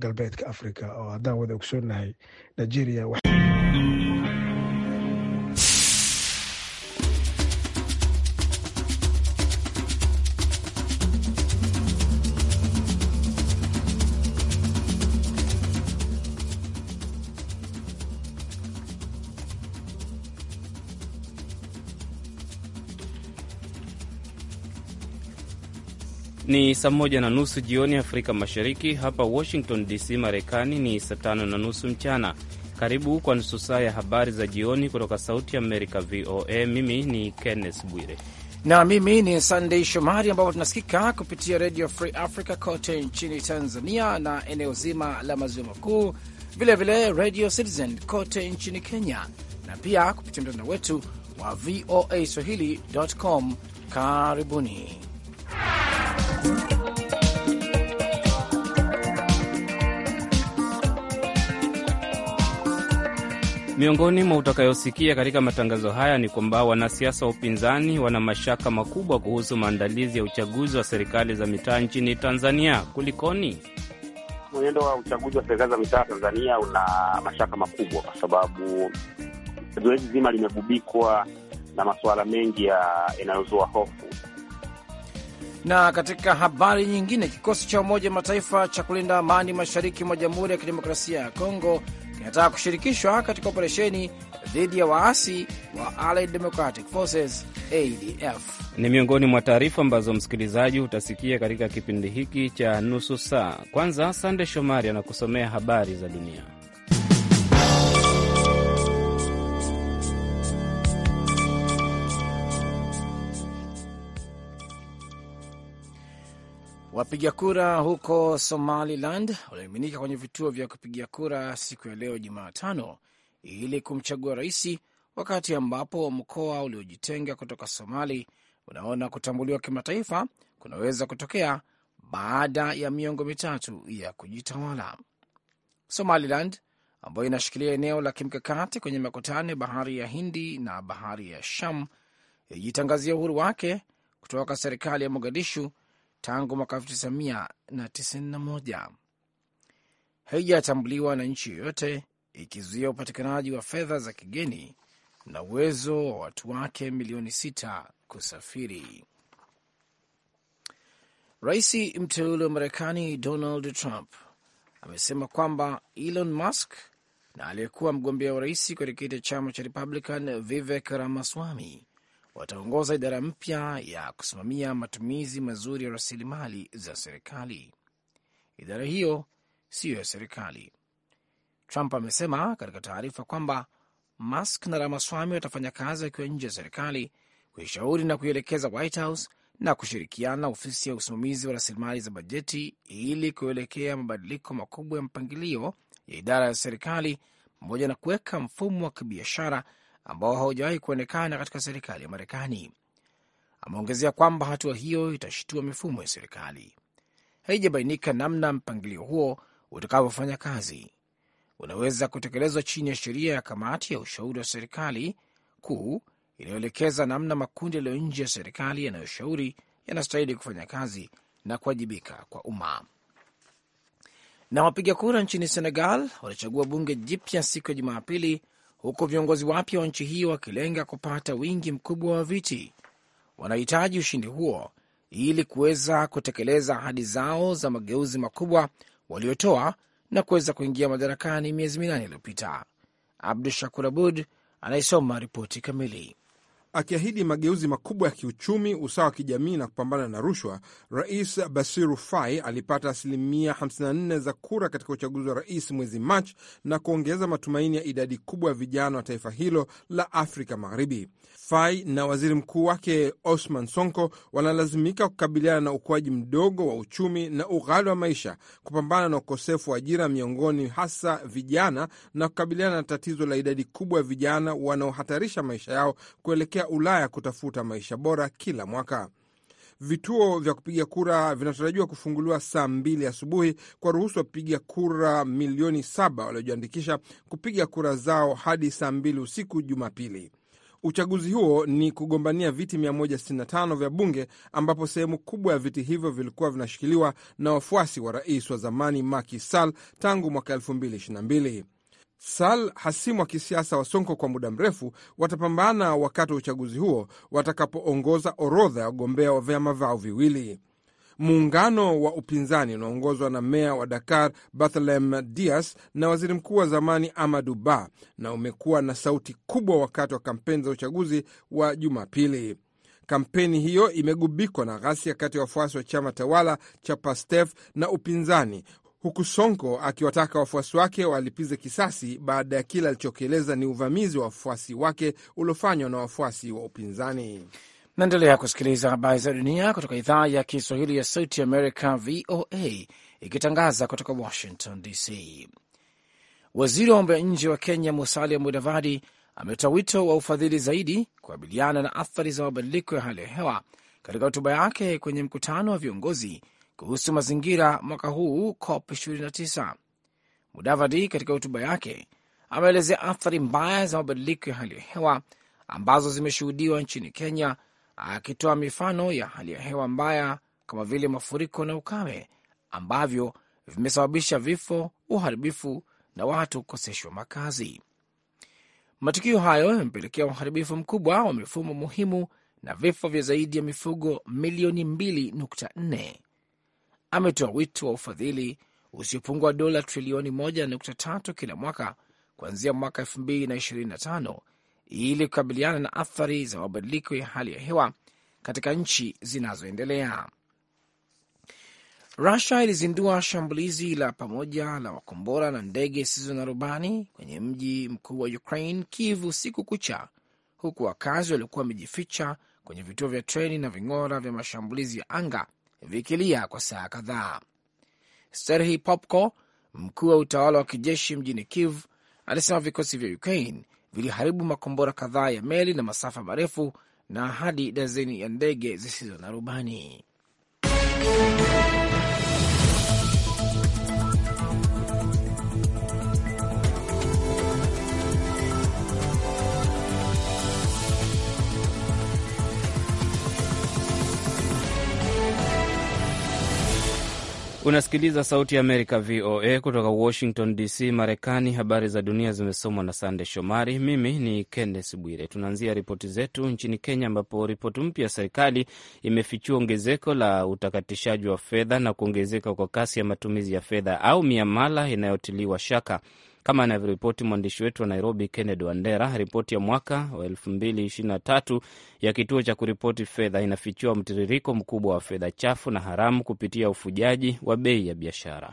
galbeedka africa oo haddaan wada ogsoonahay nigeria Ni saa moja na nusu jioni Afrika Mashariki. Hapa Washington DC, Marekani ni saa tano na nusu mchana. Karibu kwa nusu saa ya habari za jioni kutoka Sauti Amerika, VOA. Mimi ni Kenneth Bwire na mimi ni Sandei Shomari, ambapo tunasikika kupitia redio Free Africa kote nchini Tanzania na eneo zima la maziwa makuu, vilevile Radio Citizen kote nchini Kenya na pia kupitia mtandao wetu wa VOA swahili.com. Karibuni. Miongoni mwa utakayosikia katika matangazo haya ni kwamba wanasiasa wa upinzani wana mashaka makubwa kuhusu maandalizi ya uchaguzi wa serikali za mitaa nchini Tanzania. Kulikoni? Mwenendo wa uchaguzi wa serikali za mitaa Tanzania una mashaka makubwa, kwa sababu zoezi zima limegubikwa na masuala mengi yanayozua hofu na katika habari nyingine, kikosi cha Umoja Mataifa cha kulinda amani mashariki mwa Jamhuri ya Kidemokrasia ya Kongo kinataka kushirikishwa katika operesheni dhidi ya waasi wa Allied Democratic Forces ADF. Ni miongoni mwa taarifa ambazo msikilizaji utasikia katika kipindi hiki cha nusu saa. Kwanza, Sande Shomari anakusomea habari za dunia. Wapiga kura huko Somaliland walioiminika kwenye vituo vya kupigia kura siku ya leo Jumatano ili kumchagua rais, wakati ambapo mkoa uliojitenga kutoka Somali unaona kutambuliwa kimataifa kunaweza kutokea baada ya miongo mitatu ya kujitawala. Somaliland ambayo inashikilia eneo la kimkakati kwenye makutano ya bahari ya Hindi na bahari ya Sham ilijitangazia uhuru wake kutoka serikali ya Mogadishu tangu mwaka 1991. Haijatambuliwa na nchi yoyote, ikizuia upatikanaji wa fedha za kigeni na uwezo wa watu wake milioni sita kusafiri. Rais mteule wa Marekani Donald Trump amesema kwamba Elon Musk na aliyekuwa mgombea urais katika kiti chama cha Republican Vivek Ramaswamy wataongoza idara mpya ya kusimamia matumizi mazuri ya rasilimali za serikali. Idara hiyo siyo ya serikali. Trump amesema katika taarifa kwamba Musk na ramaswami watafanya kazi wakiwa nje ya serikali kuishauri na kuielekeza White House na kushirikiana ofisi ya usimamizi wa rasilimali za bajeti ili kuelekea mabadiliko makubwa ya mpangilio ya idara ya serikali pamoja na kuweka mfumo wa kibiashara ambao haujawahi kuonekana katika serikali ya Marekani. Ameongezea kwamba hatua hiyo itashitua mifumo ya serikali. Haijabainika namna mpangilio huo utakavyofanya kazi. Unaweza kutekelezwa chini ya sheria ya kamati ya ushauri wa serikali kuu inayoelekeza namna makundi yaliyo nje ya serikali yanayoshauri yanastahili kufanya kazi na kuwajibika kwa umma. Na wapiga kura nchini Senegal wanachagua bunge jipya siku ya Jumapili huku viongozi wapya wa nchi hiyo wakilenga kupata wingi mkubwa wa viti. Wanahitaji ushindi huo ili kuweza kutekeleza ahadi zao za mageuzi makubwa waliotoa na kuweza kuingia madarakani miezi minane iliyopita. Abdu Shakur Abud anayesoma ripoti kamili. Akiahidi mageuzi makubwa ya kiuchumi, usawa wa kijamii na kupambana na rushwa, Rais Basiru Fai alipata asilimia 54 za kura katika uchaguzi wa rais mwezi Machi na kuongeza matumaini ya idadi kubwa ya vijana wa taifa hilo la Afrika Magharibi. Fai na waziri mkuu wake Osman Sonko wanalazimika kukabiliana na ukuaji mdogo wa uchumi na ughali wa maisha, kupambana na ukosefu wa ajira miongoni hasa vijana, na kukabiliana na tatizo la idadi kubwa ya vijana wanaohatarisha maisha yao kuelekea kuelekea Ulaya kutafuta maisha bora kila mwaka. Vituo vya kupiga kura vinatarajiwa kufunguliwa saa mbili asubuhi kwa ruhusu wapiga kura milioni saba waliojiandikisha kupiga kura zao hadi saa mbili usiku Jumapili. Uchaguzi huo ni kugombania viti 165 vya bunge ambapo sehemu kubwa ya viti hivyo vilikuwa vinashikiliwa na wafuasi wa rais wa zamani Macky Sall tangu mwaka 2022. Sal, hasimu wa kisiasa wa Sonko kwa muda mrefu, watapambana wakati wa uchaguzi huo watakapoongoza orodha ya wagombea wa vyama vao viwili. Muungano wa upinzani unaongozwa na meya wa Dakar Barthelem Dias na waziri mkuu wa zamani Amadu Ba na umekuwa na sauti kubwa wakati wa kampeni za uchaguzi wa Jumapili. Kampeni hiyo imegubikwa na ghasia kati ya wafuasi wa chama tawala cha Pastef na upinzani huku Sonko akiwataka wafuasi wake walipize kisasi baada ya kile alichokieleza ni uvamizi wa wafuasi wake uliofanywa na wafuasi wa upinzani. Naendelea kusikiliza habari za dunia kutoka idhaa ya Kiswahili ya Sauti Amerika, VOA, ikitangaza kutoka Washington DC. Waziri wa mambo ya nje wa Kenya Musalia Mudavadi ametoa wito wa ufadhili zaidi kukabiliana na athari za mabadiliko ya hali ya hewa katika hotuba yake kwenye mkutano wa viongozi kuhusu mazingira mwaka huu COP 29. Mudavadi katika hotuba yake ameelezea athari mbaya za mabadiliko ya hali ya hewa ambazo zimeshuhudiwa nchini Kenya, akitoa mifano ya hali ya hewa mbaya kama vile mafuriko na ukame ambavyo vimesababisha vifo, uharibifu na watu kukoseshwa makazi. Matukio hayo yamepelekea uharibifu mkubwa wa mifumo muhimu na vifo vya zaidi ya mifugo milioni 2.4 ametoa wito wa ufadhili usiopungua dola trilioni 1.3 kila mwaka kuanzia mwaka 2025 ili kukabiliana na athari za mabadiliko ya hali ya hewa katika nchi zinazoendelea. Rusia ilizindua shambulizi la pamoja la makombora na ndege zisizo na rubani kwenye mji mkuu wa Ukraine, Kiev, usiku kucha, huku wakazi waliokuwa wamejificha kwenye vituo vya treni na ving'ora vya mashambulizi ya anga vikilia kwa saa kadhaa. Serhi Popko, mkuu wa utawala wa kijeshi mjini Kiev, alisema vikosi vya Ukraine viliharibu makombora kadhaa ya meli na masafa marefu na hadi dazeni ya ndege zisizo na rubani. Unasikiliza Sauti ya Amerika, VOA, kutoka Washington DC, Marekani. Habari za dunia zimesomwa na Sande Shomari. Mimi ni kennes Bwire. Tunaanzia ripoti zetu nchini Kenya, ambapo ripoti mpya ya serikali imefichua ongezeko la utakatishaji wa fedha na kuongezeka kwa kasi ya matumizi ya fedha au miamala inayotiliwa shaka kama anavyoripoti mwandishi wetu wa Nairobi, Kennedy Wandera. Ripoti ya mwaka wa tatu ya kituo cha kuripoti fedha inafichua mtiririko mkubwa wa fedha chafu na haramu kupitia ufujaji wa bei ya biashara.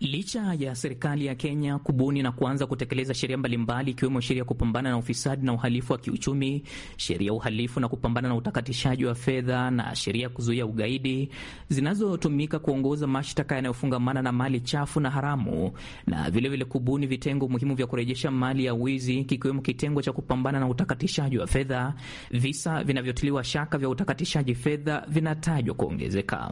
Licha ya serikali ya Kenya kubuni na kuanza kutekeleza sheria mbalimbali ikiwemo sheria ya kupambana na ufisadi na uhalifu wa kiuchumi, sheria ya uhalifu na kupambana na utakatishaji wa fedha na sheria ya kuzuia ugaidi zinazotumika kuongoza mashtaka yanayofungamana na mali chafu na haramu, na vilevile vile kubuni vitengo muhimu vya kurejesha mali ya wizi kikiwemo kitengo cha kupambana na utakatishaji wa fedha, visa vinavyotiliwa shaka vya utakatishaji fedha vinatajwa kuongezeka.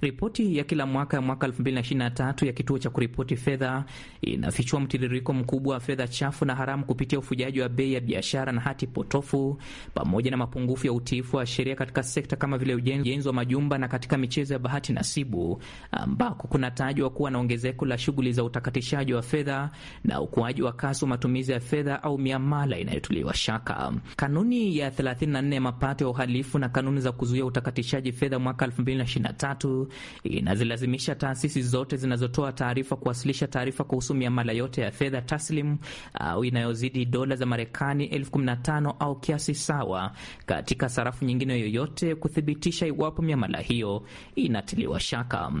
Ripoti ya kila mwaka ya mwaka 2023 ya kituo cha kuripoti fedha inafichua mtiririko mkubwa wa fedha chafu na haramu kupitia ufujaji wa bei ya biashara na hati potofu pamoja na mapungufu ya utiifu wa sheria katika sekta kama vile ujenzi wa majumba na katika michezo ya bahati nasibu, ambako kunatajwa kuwa na ongezeko la shughuli za utakatishaji wa fedha na ukuaji wa kasi wa matumizi ya fedha au miamala inayotuliwa shaka. Kanuni ya 34 ya mapato ya uhalifu na kanuni za kuzuia utakatishaji fedha mwaka 2023 inazilazimisha taasisi zote zinazotoa taarifa kuwasilisha taarifa kuhusu miamala yote ya fedha taslim au uh, inayozidi dola za Marekani elfu kumi na tano au kiasi sawa katika sarafu nyingine yoyote kuthibitisha iwapo miamala hiyo inatiliwa shaka.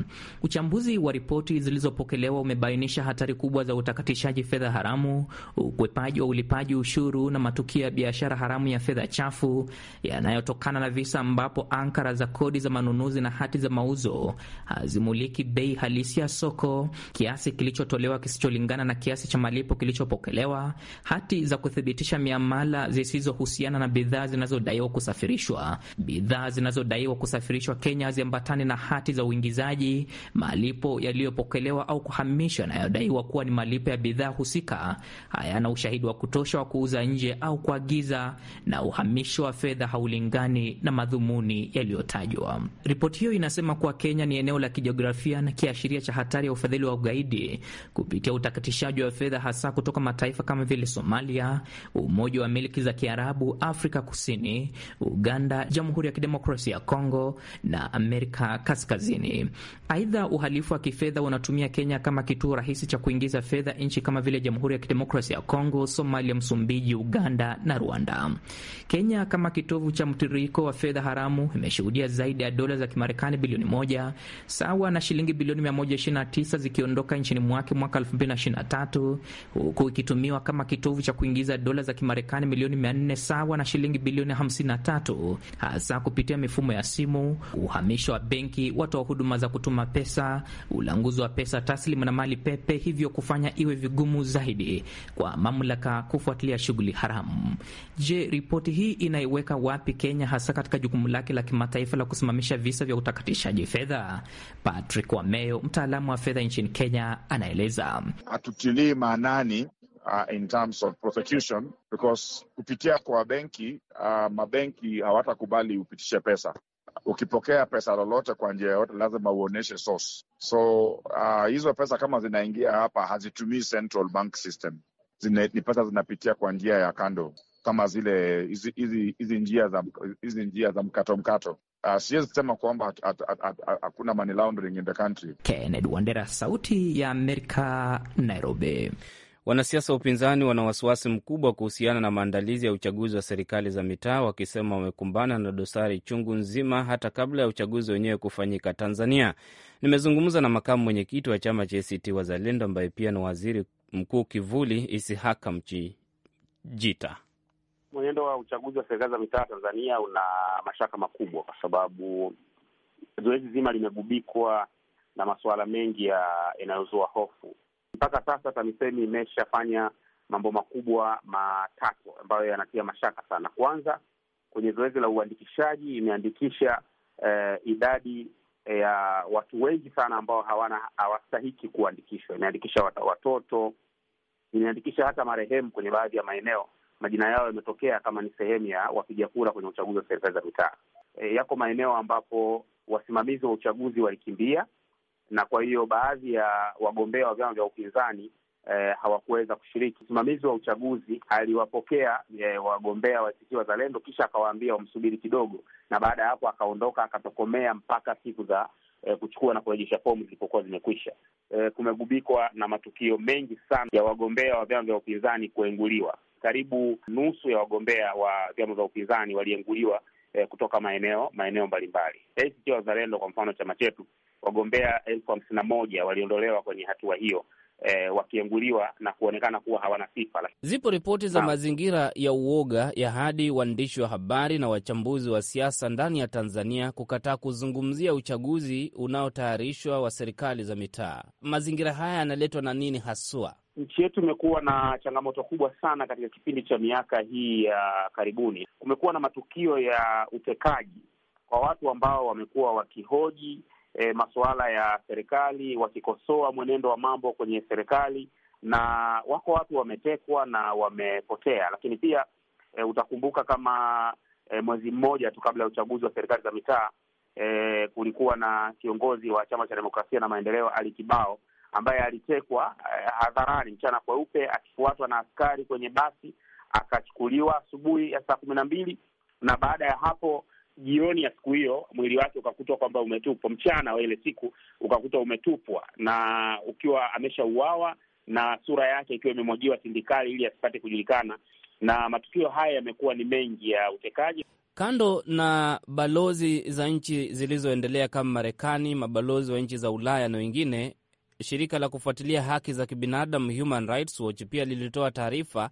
Uchambuzi wa ripoti zilizopokelewa umebainisha hatari kubwa za utakatishaji fedha haramu, ukwepaji wa ulipaji ushuru na matukio ya biashara haramu ya fedha chafu yanayotokana na visa ambapo ankara za kodi za manunuzi na hati za mauzo hazimuliki bei halisi ya soko kiasi kilichotolewa kisicholingana na kiasi cha malipo kilichopokelewa, hati za kuthibitisha miamala zisizohusiana na bidhaa zinazodaiwa kusafirishwa. Bidhaa zinazodaiwa kusafirishwa Kenya haziambatani na hati za uingizaji, malipo yaliyopokelewa au kuhamishwa yanayodaiwa kuwa ni malipo ya bidhaa husika hayana ushahidi wa kutosha wa kuuza nje au kuagiza, na uhamisho wa fedha haulingani na madhumuni yaliyotajwa. Ripoti hiyo inasema kuwa Kenya ni eneo la kijiografia na kiashiria cha hatari ya ufadhili wa ugaidi kupitia utakatishaji wa fedha hasa kutoka mataifa kama vile Somalia, Umoja wa Milki za Kiarabu, Afrika Kusini, Uganda, Jamhuri ya Kidemokrasia ya Kongo na Amerika Kaskazini. Aidha, uhalifu wa kifedha unatumia Kenya kama kituo rahisi cha kuingiza fedha nchi kama vile Jamhuri ya Kidemokrasia ya Kongo, Somalia, Msumbiji, Uganda na Rwanda. Kenya kama kitovu cha mtiririko wa fedha haramu imeshuhudia zaidi ya dola za Kimarekani bilioni moja sawa na shilingi bilioni 129 iliondoka nchini mwake mwaka 2023 huku ikitumiwa kama kitovu cha kuingiza dola za Kimarekani milioni 400 sawa na shilingi bilioni 53, hasa kupitia mifumo ya simu, uhamisho wa benki, watoa huduma za kutuma pesa, ulanguzi wa pesa taslimu na mali pepe, hivyo kufanya iwe vigumu zaidi kwa mamlaka kufuatilia shughuli haramu. Je, ripoti hii inaiweka wapi Kenya hasa katika jukumu lake la kimataifa la kusimamisha visa vya utakatishaji fedha? Patrick Wameyo, mtaalamu wa fedha nchini nchini Kenya anaeleza. Hatutilii maanani uh, in terms of prosecution because kupitia kwa benki uh, mabenki hawatakubali upitishe pesa ukipokea pesa lolote kwa njia yoyote lazima uonyeshe source. So uh, hizo pesa kama zinaingia hapa hazitumii central bank system. Zine, ni pesa zinapitia kwa njia ya kando kama zile hizi njia za hizi njia za mkato mkato. Uh, siwezi kusema kwamba hakuna money laundering in the country. Kennedy Wandera, Sauti ya Amerika, Nairobi. Wanasiasa wa upinzani wana wasiwasi mkubwa kuhusiana na maandalizi ya uchaguzi wa serikali za mitaa, wakisema wamekumbana na dosari chungu nzima hata kabla ya uchaguzi wenyewe kufanyika Tanzania. Nimezungumza na makamu mwenyekiti wa chama cha ACT Wazalendo ambaye pia ni waziri mkuu kivuli Isihaka Mchijita mwenendo wa uchaguzi wa serikali za mitaa Tanzania una mashaka makubwa, kwa sababu zoezi zima limegubikwa na masuala mengi ya yanayozua hofu. Mpaka sasa TAMISEMI imeshafanya mambo makubwa matatu ambayo yanatia mashaka sana. Kwanza, kwenye zoezi la uandikishaji imeandikisha eh, idadi eh, ya eh, watu wengi sana ambao hawana hawastahiki kuandikishwa. Imeandikisha watoto, imeandikisha hata marehemu kwenye baadhi ya maeneo majina yao yametokea kama ni sehemu ya wapiga kura kwenye uchaguzi wa serikali za mitaa. E, yako maeneo ambapo wasimamizi wa uchaguzi walikimbia na kwa hiyo baadhi ya wagombea wa vyama vya upinzani e, hawakuweza kushiriki. Msimamizi wa uchaguzi aliwapokea e, wagombea wa ACT Wazalendo, kisha akawaambia wamsubiri kidogo, na baada ya hapo akaondoka akatokomea mpaka siku za e, kuchukua na kurejesha fomu zilipokuwa zimekwisha. E, kumegubikwa na matukio mengi sana ya wagombea wa vyama vya upinzani kuenguliwa karibu nusu ya wagombea wa vyama vya upinzani walienguliwa eh, kutoka maeneo maeneo mbalimbali. ACT Wazalendo kwa mfano, chama chetu, wagombea elfu hamsini na moja waliondolewa kwenye hatua hiyo. E, wakienguliwa na kuonekana kuwa hawana sifa. Zipo ripoti za ha, mazingira ya uoga ya hadi waandishi wa habari na wachambuzi wa siasa ndani ya Tanzania kukataa kuzungumzia uchaguzi unaotayarishwa wa serikali za mitaa. Mazingira haya yanaletwa na nini haswa? Nchi yetu imekuwa na changamoto kubwa sana katika kipindi cha miaka hii ya uh, karibuni. Kumekuwa na matukio ya utekaji kwa watu ambao wamekuwa wakihoji eh, masuala ya serikali, wakikosoa mwenendo wa mambo kwenye serikali, na wako watu wametekwa na wamepotea. Lakini pia eh, utakumbuka kama eh, mwezi mmoja tu kabla ya uchaguzi wa serikali za mitaa eh, kulikuwa na kiongozi wa Chama cha Demokrasia na Maendeleo Ali Kibao ambaye alitekwa eh, hadharani mchana kweupe, akifuatwa na askari kwenye basi, akachukuliwa asubuhi ya saa kumi na mbili na baada ya hapo jioni ya siku hiyo mwili wake ukakutwa kwamba umetupwa, mchana wa ile siku ukakutwa umetupwa na ukiwa ameshauawa na sura yake ikiwa imemwagiwa sindikali ili asipate kujulikana. Na matukio haya yamekuwa ni mengi ya utekaji. Kando na balozi za nchi zilizoendelea kama Marekani, mabalozi wa nchi za Ulaya na wengine, Shirika la kufuatilia haki za kibinadamu Human Rights Watch pia lilitoa taarifa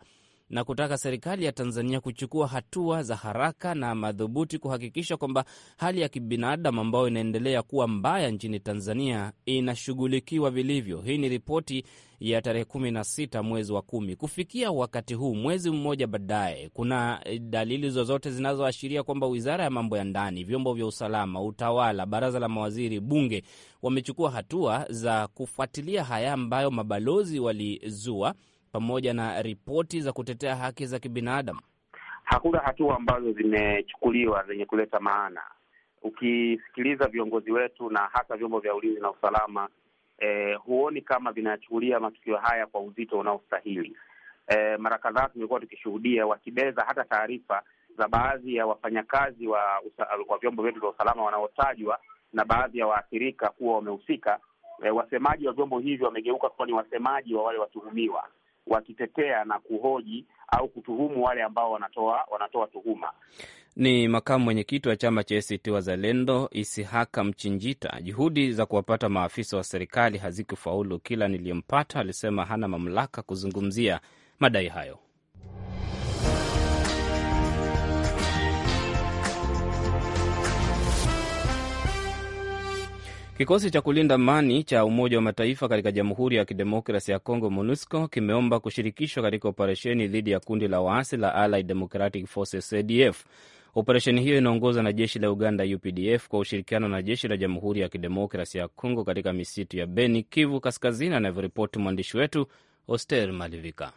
na kutaka serikali ya Tanzania kuchukua hatua za haraka na madhubuti kuhakikisha kwamba hali ya kibinadamu ambayo inaendelea kuwa mbaya nchini Tanzania inashughulikiwa vilivyo. Hii ni ripoti ya tarehe 16 mwezi wa kumi. Kufikia wakati huu, mwezi mmoja baadaye, kuna dalili zozote zinazoashiria kwamba wizara ya mambo ya ndani, vyombo vya usalama, utawala, baraza la mawaziri, bunge wamechukua hatua za kufuatilia haya ambayo mabalozi walizua pamoja na ripoti za kutetea haki za kibinadamu? Hakuna hatua ambazo zimechukuliwa zenye kuleta maana. Ukisikiliza viongozi wetu na hasa vyombo vya ulinzi na usalama eh, huoni kama vinachukulia matukio haya kwa uzito unaostahili. Eh, mara kadhaa tumekuwa tukishuhudia wakibeza hata taarifa za baadhi ya wafanyakazi wa, wa vyombo vyetu vya usalama wanaotajwa na baadhi ya waathirika kuwa wamehusika. E, wasemaji wa vyombo hivyo wamegeuka kuwa ni wasemaji wa wale watuhumiwa wakitetea na kuhoji au kutuhumu wale ambao wanatoa wanatoa tuhuma. Ni makamu mwenyekiti wa chama cha ACT Wazalendo Isihaka Mchinjita. Juhudi za kuwapata maafisa wa serikali hazikufaulu, kila niliyempata alisema hana mamlaka kuzungumzia madai hayo. Kikosi cha kulinda amani cha Umoja wa Mataifa katika Jamhuri ya Kidemokrasi ya congo MONUSCO, kimeomba kushirikishwa katika operesheni dhidi ya kundi la waasi la Allied Democratic Forces, ADF. Operesheni hiyo inaongozwa na jeshi la Uganda, UPDF, kwa ushirikiano na jeshi la Jamhuri ya Kidemokrasi ya congo katika misitu ya Beni, Kivu Kaskazini, anavyoripoti mwandishi wetu Oster Malivika.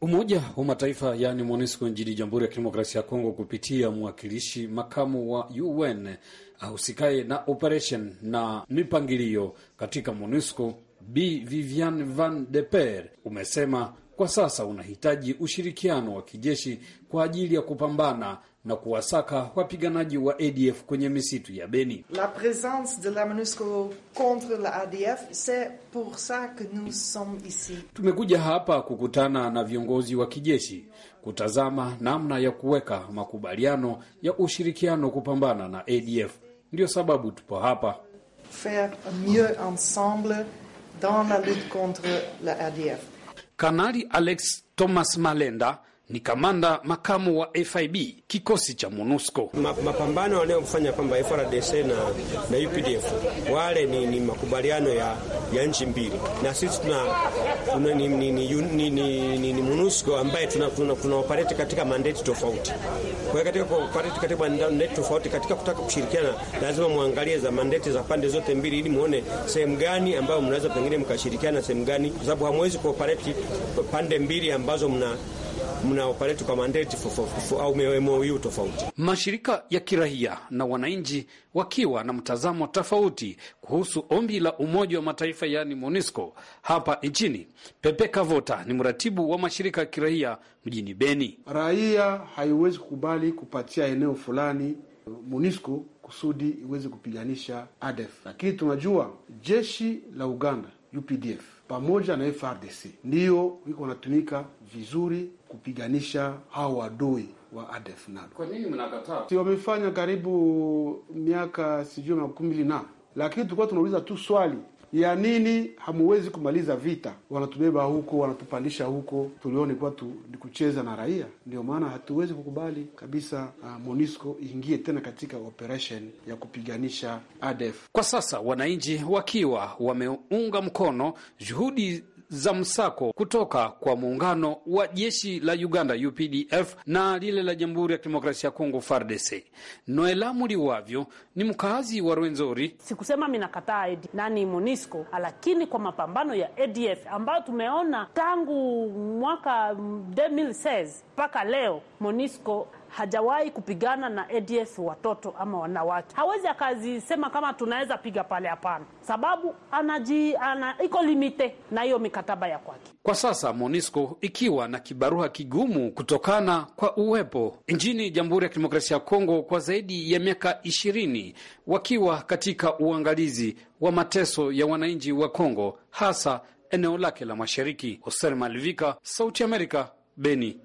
Umoja wa Mataifa yaani MONUSCO nchini Jamhuri ya Kidemokrasia ya Kongo kupitia mwakilishi makamu wa UN ahusikaye na operation na mipangilio katika MONUSCO B Vivian Van de Per umesema kwa sasa unahitaji ushirikiano wa kijeshi kwa ajili ya kupambana na kuwasaka wapiganaji wa ADF kwenye misitu ya Beni. La de la MONUSCO contre la ADF, c'est pour ça que nous sommes ici. Tumekuja hapa kukutana na viongozi wa kijeshi kutazama namna ya kuweka makubaliano ya ushirikiano kupambana na ADF. Ndio sababu tupo hapa. Faire mieux ensemble dans la lutte contre la ADF. Kanali Alex Thomas Malenda ni kamanda makamu wa FIB kikosi cha MONUSCO. mapambano wanayofanya kwamba FRDC na, na UPDF wale ni, ni makubaliano ya, ya nchi mbili, na sisi tuna, una, ni, ni, ni, ni, ni, ni, ni MONUSCO ambaye tuna, tuna, tuna katika mandeti tofauti. Kwa hiyo katika operate katika mandeti tofauti, katika kutaka kushirikiana lazima mwangalie za mandeti za pande zote mbili, ili mwone sehemu gani ambayo mnaweza pengine mkashirikiana, sehemu gani, kwa sababu hamwezi kuopareti pande mbili ambazo mna mna operate kwa mandate au MOU tofauti. Mashirika ya kiraia na wananchi wakiwa na mtazamo tofauti kuhusu ombi la Umoja wa Mataifa yaani MONUSCO hapa nchini. Pepe Kavota ni mratibu wa mashirika ya kiraia mjini Beni. Raia haiwezi kukubali kupatia eneo fulani MONUSCO kusudi iweze kupiganisha ADF, lakini tunajua jeshi la Uganda UPDF pamoja na FRDC ndiyo iko natumika vizuri kupiganisha hawa wadui wa ADF Kwa nini mnakataa? Si wamefanya karibu miaka sijui makumi mbili na, lakini tulikuwa tunauliza tu swali ya nini hamuwezi kumaliza vita? Wanatubeba huko, wanatupandisha huko, tulione kuwa tu, ni kucheza na raia. Ndio maana hatuwezi kukubali kabisa uh, ah, MONUSCO iingie tena katika operation ya kupiganisha ADF. Kwa sasa wananchi wakiwa wameunga mkono juhudi za msako kutoka kwa muungano wa jeshi la Uganda UPDF na lile la Jamhuri ya Kidemokrasia ya Kongo FARDC. Noela Muliwavyo ni mkazi wa Rwenzori. Sikusema minakataa nani Monisco, lakini kwa mapambano ya ADF ambayo tumeona tangu mwaka 2016 mm, mpaka leo Monisco hajawahi kupigana na ADF watoto ama wanawake. Hawezi akazisema kama tunaweza piga pale, hapana, sababu anaji ana, iko limite na hiyo mikataba ya kwake. Kwa sasa MONUSCO ikiwa na kibarua kigumu kutokana kwa uwepo nchini Jamhuri ya Kidemokrasia ya Kongo kwa zaidi ya miaka ishirini wakiwa katika uangalizi wa mateso ya wananchi wa Kongo hasa eneo lake la mashariki. Hoser Malivika, Sauti Amerika, Beni.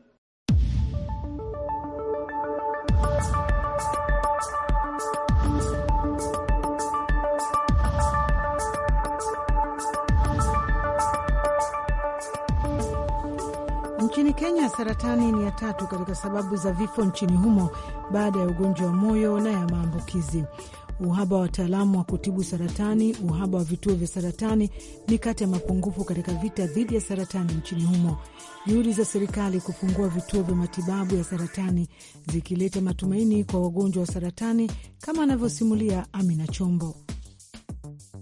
Nchini Kenya, saratani ni ya tatu katika sababu za vifo nchini humo baada ya ugonjwa wa moyo na ya maambukizi. Uhaba wa wataalamu wa kutibu saratani, uhaba wa vituo vya saratani ni kati ya mapungufu katika vita dhidi ya saratani nchini humo. Juhudi za serikali kufungua vituo vya matibabu ya saratani zikileta matumaini kwa wagonjwa wa saratani, kama anavyosimulia Amina Chombo.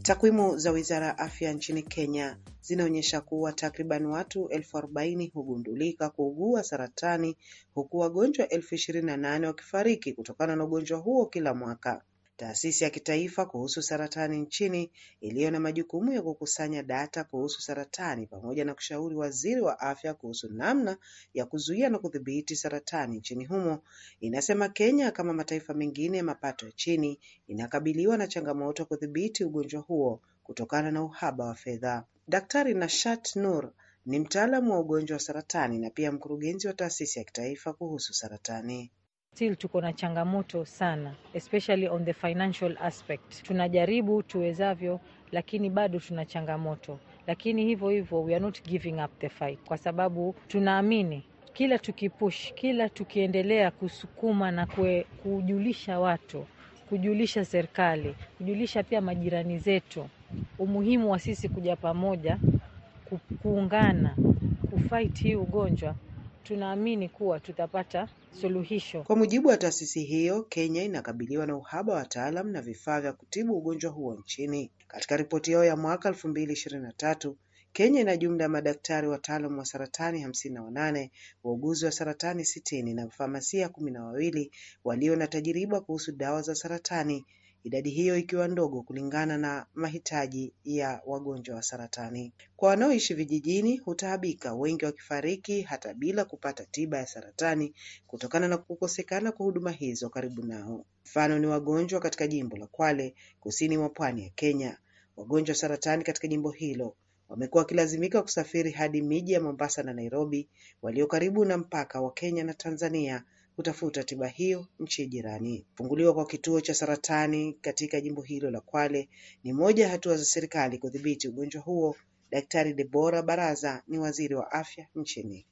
Takwimu za wizara ya afya nchini Kenya zinaonyesha kuwa takriban watu elfu arobaini hugundulika kuugua saratani huku wagonjwa elfu ishirini na nane wakifariki kutokana na ugonjwa huo kila mwaka. Taasisi ya Kitaifa kuhusu Saratani nchini iliyo na majukumu ya kukusanya data kuhusu saratani pamoja na kushauri waziri wa afya kuhusu namna ya kuzuia na kudhibiti saratani nchini humo, inasema Kenya, kama mataifa mengine ya mapato ya chini, inakabiliwa na changamoto ya kudhibiti ugonjwa huo kutokana na uhaba wa fedha. Daktari Nashat Nur ni mtaalamu wa ugonjwa wa saratani na pia mkurugenzi wa taasisi ya kitaifa kuhusu saratani. Still tuko na changamoto sana especially on the financial aspect. Tunajaribu tuwezavyo, lakini bado tuna changamoto, lakini hivyo hivyo we are not giving up the fight, kwa sababu tunaamini kila tukipush, kila tukiendelea kusukuma na kwe, kujulisha watu, kujulisha serikali, kujulisha pia majirani zetu umuhimu wa sisi kuja pamoja, kuungana, kufight hii ugonjwa, tunaamini kuwa tutapata suluhisho. Kwa mujibu wa taasisi hiyo, Kenya inakabiliwa na uhaba wa wataalam na vifaa vya kutibu ugonjwa huo nchini. Katika ripoti yao ya mwaka elfu mbili ishirini na tatu, Kenya ina jumla ya madaktari wataalam wa saratani hamsini na wanane, wauguzi wa saratani sitini na famasia kumi na wawili walio na tajiriba kuhusu dawa za saratani idadi hiyo ikiwa ndogo kulingana na mahitaji ya wagonjwa wa saratani. Kwa wanaoishi vijijini hutaabika, wengi wakifariki hata bila kupata tiba ya saratani kutokana na kukosekana kwa huduma hizo karibu nao. Mfano ni wagonjwa katika jimbo la Kwale, kusini mwa pwani ya Kenya. Wagonjwa wa saratani katika jimbo hilo wamekuwa wakilazimika kusafiri hadi miji ya Mombasa na Nairobi, walio karibu na mpaka wa Kenya na Tanzania kutafuta tiba hiyo nchi jirani. Kufunguliwa kwa kituo cha saratani katika jimbo hilo la Kwale ni moja ya hatua za serikali kudhibiti ugonjwa huo. Daktari Debora Baraza ni waziri wa afya nchini.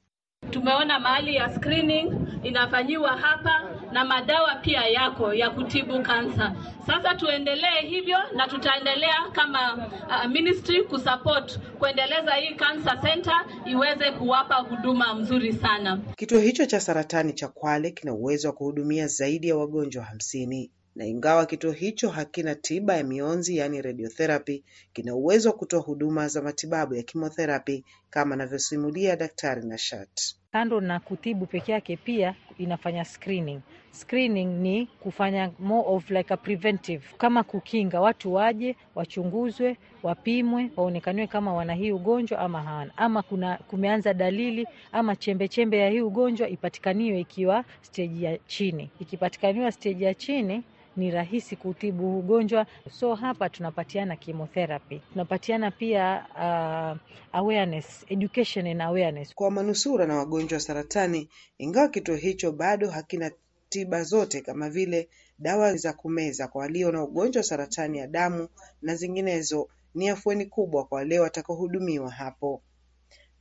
Tumeona mahali ya screening inafanyiwa hapa na madawa pia yako ya kutibu kansa. Sasa tuendelee hivyo na tutaendelea kama uh, ministry kusupport kuendeleza hii cancer center iweze kuwapa huduma mzuri sana. Kituo hicho cha saratani cha Kwale kina uwezo wa kuhudumia zaidi ya wagonjwa hamsini na ingawa kituo hicho hakina tiba ya mionzi yaani radiotherapy, kina uwezo wa kutoa huduma za matibabu ya chemotherapy kama anavyosimulia Daktari Nashat. Kando na kutibu peke yake, pia inafanya screening. Screening ni kufanya more of like a preventive, kama kukinga watu waje wachunguzwe, wapimwe, waonekaniwe kama wana hii ugonjwa ama hawana, ama kuna kumeanza dalili ama chembe chembe ya hii ugonjwa ipatikaniwe ikiwa steji ya chini. Ikipatikaniwa steji ya chini ni rahisi kutibu huu ugonjwa. So hapa tunapatiana chemotherapy, tunapatiana pia uh, awareness, education and awareness kwa manusura na wagonjwa wa saratani, ingawa kituo hicho bado hakina tiba zote kama vile dawa za kumeza kwa walio na ugonjwa wa saratani ya damu na zinginezo, ni afueni kubwa kwa wale watakaohudumiwa hapo.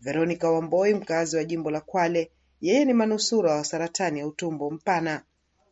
Veronica Wamboi, mkazi wa jimbo la Kwale, yeye ni manusura wa saratani ya utumbo mpana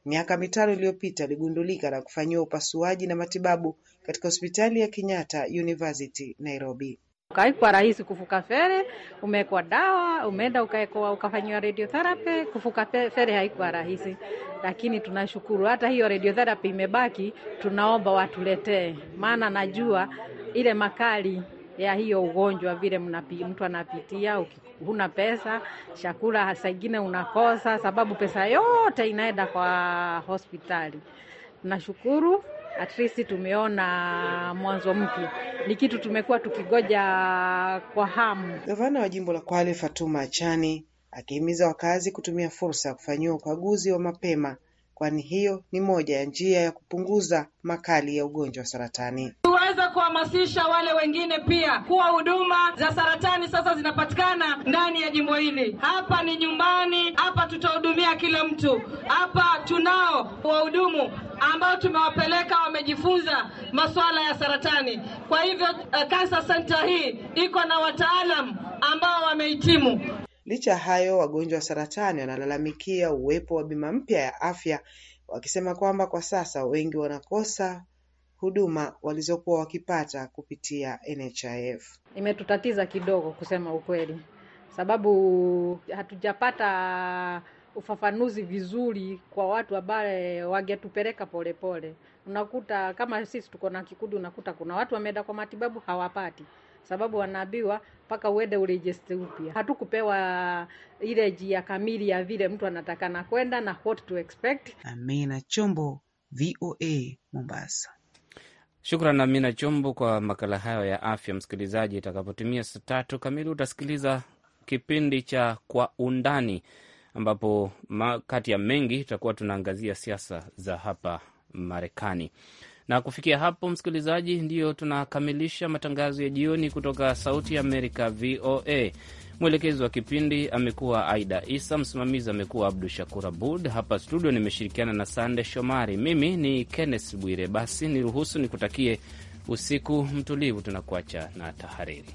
Miaka mitano iliyopita aligundulika na kufanyiwa upasuaji na matibabu katika hospitali ya Kenyatta University Nairobi. Haikuwa rahisi kufuka fere, umewekwa dawa, umeenda ukaekoa, ukafanyiwa radiotherapy. kufuka fere haikuwa rahisi, lakini tunashukuru hata hiyo radiotherapy imebaki. Tunaomba watuletee, maana najua ile makali ya hiyo ugonjwa vile mnapi, mtu anapitia, huna pesa, chakula saa ingine unakosa, sababu pesa yote inaenda kwa hospitali. Nashukuru at least tumeona mwanzo mpya, ni kitu tumekuwa tukigoja kwa hamu. Gavana wa jimbo la Kwale Fatuma Achani akihimiza wakazi kutumia fursa ya kufanyiwa ukaguzi wa mapema, kwani hiyo ni moja ya njia ya kupunguza makali ya ugonjwa wa saratani kuweza kuhamasisha wale wengine pia kuwa huduma za saratani sasa zinapatikana ndani ya jimbo hili. Hapa ni nyumbani, hapa tutahudumia kila mtu. Hapa tunao wahudumu ambao tumewapeleka wamejifunza masuala ya saratani. Kwa hivyo uh, cancer hii iko na wataalam ambao wamehitimu. Licha ya hayo, wagonjwa wa saratani wanalalamikia uwepo wa bima mpya ya afya, wakisema kwamba kwa sasa wengi wanakosa huduma walizokuwa wakipata kupitia NHIF. Imetutatiza kidogo kusema ukweli, sababu hatujapata ufafanuzi vizuri kwa watu ambaye wangetupeleka polepole. Unakuta kama sisi tuko na kikundi, unakuta kuna watu wameenda kwa matibabu hawapati sababu wanaambiwa mpaka uende urejiste upya. Hatukupewa ile njia kamili ya vile mtu anatakana kwenda na what to expect. Amina Chombo, VOA Mombasa. Shukran Amina Chombo kwa makala hayo ya afya. Msikilizaji, itakapotimia saa tatu kamili utasikiliza kipindi cha Kwa Undani, ambapo kati ya mengi tutakuwa tunaangazia siasa za hapa Marekani. Na kufikia hapo, msikilizaji, ndiyo tunakamilisha matangazo ya jioni kutoka Sauti ya Amerika, VOA. Mwelekezi wa kipindi amekuwa Aida Isa, msimamizi amekuwa Abdu Shakur Abud. Hapa studio nimeshirikiana na Sande Shomari, mimi ni Kenneth Bwire. Basi niruhusu nikutakie usiku mtulivu. Tunakuacha na tahariri.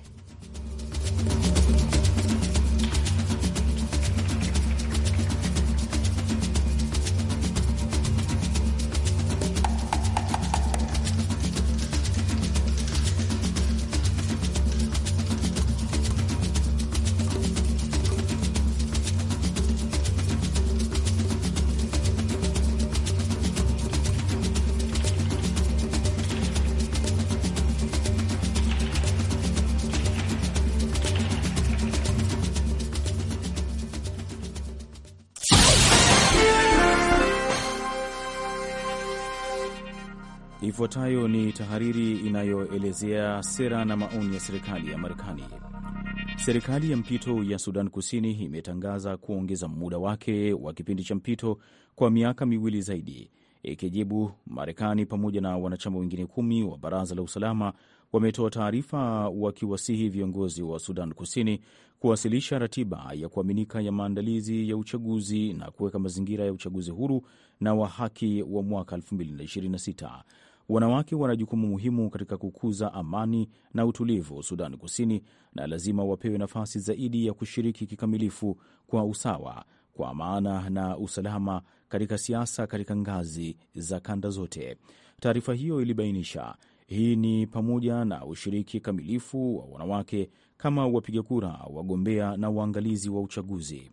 kuelezea sera na maoni ya serikali ya Marekani. Serikali ya mpito ya Sudan Kusini imetangaza kuongeza muda wake wa kipindi cha mpito kwa miaka miwili zaidi, ikijibu Marekani pamoja na wanachama wengine kumi wa Baraza la Usalama wametoa taarifa wakiwasihi viongozi wa Sudan Kusini kuwasilisha ratiba ya kuaminika ya maandalizi ya uchaguzi na kuweka mazingira ya uchaguzi huru na wa haki wa mwaka 2026. Wanawake wana jukumu muhimu katika kukuza amani na utulivu Sudan Kusini, na lazima wapewe nafasi zaidi ya kushiriki kikamilifu kwa usawa, kwa maana na usalama katika siasa katika ngazi za kanda zote, taarifa hiyo ilibainisha. Hii ni pamoja na ushiriki kamilifu wa wanawake kama wapiga kura, wagombea na waangalizi wa uchaguzi.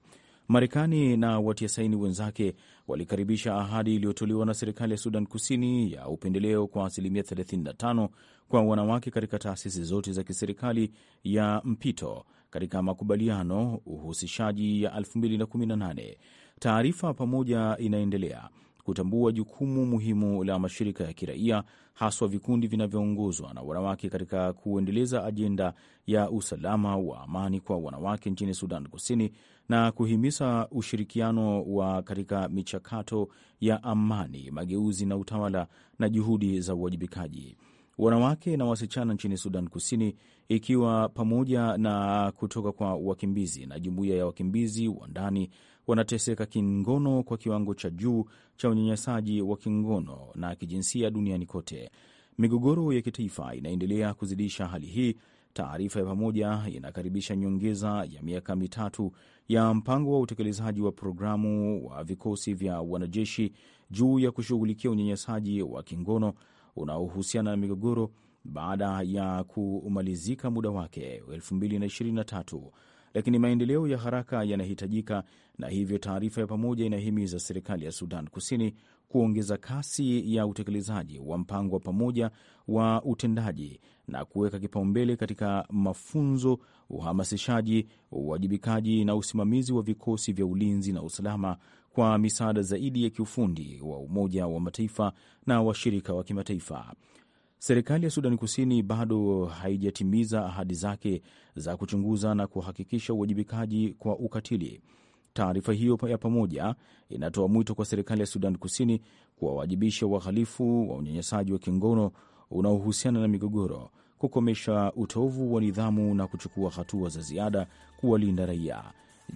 Marekani na watia saini wenzake walikaribisha ahadi iliyotolewa na serikali ya Sudan Kusini ya upendeleo kwa asilimia 35 kwa wanawake katika taasisi zote za kiserikali ya mpito katika makubaliano uhusishaji ya 2018. Taarifa pamoja inaendelea kutambua jukumu muhimu la mashirika ya kiraia haswa vikundi vinavyoongozwa na wanawake katika kuendeleza ajenda ya usalama wa amani kwa wanawake nchini Sudan Kusini na kuhimiza ushirikiano wa katika michakato ya amani, mageuzi na utawala na juhudi za uwajibikaji. Wanawake na wasichana nchini Sudan Kusini, ikiwa pamoja na kutoka kwa wakimbizi na jumuiya ya wakimbizi wa ndani, wanateseka kingono kwa kiwango cha juu cha unyanyasaji wa kingono na kijinsia duniani kote. Migogoro ya kitaifa inaendelea kuzidisha hali hii. Taarifa ya pamoja inakaribisha nyongeza ya miaka mitatu ya mpango wa utekelezaji wa programu wa vikosi vya wanajeshi juu ya kushughulikia unyanyasaji wa kingono unaohusiana na migogoro baada ya kumalizika muda wake 2023 lakini maendeleo ya haraka yanahitajika na hivyo taarifa ya pamoja inahimiza serikali ya Sudan Kusini kuongeza kasi ya utekelezaji wa mpango wa pamoja wa utendaji na kuweka kipaumbele katika mafunzo, uhamasishaji, uwajibikaji na usimamizi wa vikosi vya ulinzi na usalama kwa misaada zaidi ya kiufundi wa Umoja wa Mataifa na washirika wa, kimataifa. Serikali ya Sudani Kusini bado haijatimiza ahadi zake za kuchunguza na kuhakikisha uwajibikaji kwa ukatili Taarifa hiyo ya pamoja inatoa mwito kwa serikali ya Sudan Kusini kuwawajibisha wahalifu wa unyanyasaji wa kingono unaohusiana na migogoro, kukomesha utovu wa nidhamu na kuchukua hatua za ziada kuwalinda raia.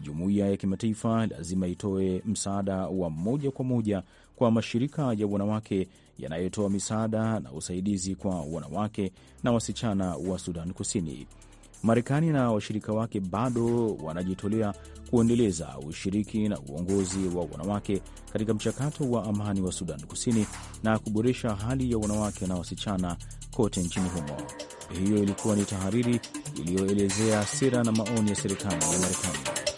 Jumuiya ya kimataifa lazima itoe msaada wa moja kwa moja kwa mashirika ya wanawake yanayotoa misaada na usaidizi kwa wanawake na wasichana wa Sudan Kusini. Marekani na washirika wake bado wanajitolea kuendeleza ushiriki na uongozi wa wanawake katika mchakato wa amani wa Sudan Kusini na kuboresha hali ya wanawake na wasichana kote nchini humo. Hiyo ilikuwa ni tahariri iliyoelezea sera na maoni ya serikali ya Marekani.